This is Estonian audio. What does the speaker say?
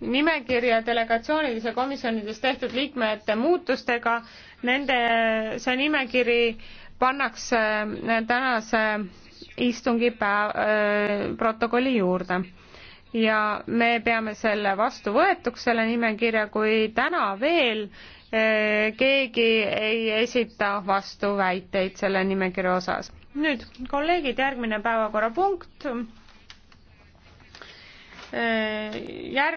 nimekirja delegatsioonides ja komisjonides tehtud liikmete muutustega. Nende, see nimekiri pannakse äh, tänase istungi päev, äh, protokolli juurde ja me peame selle vastu võetuks, selle nimekirja, kui täna veel äh, keegi ei esita vastuväiteid selle nimekirja osas. nüüd, kolleegid, järgmine päevakorrapunkt. Järg-.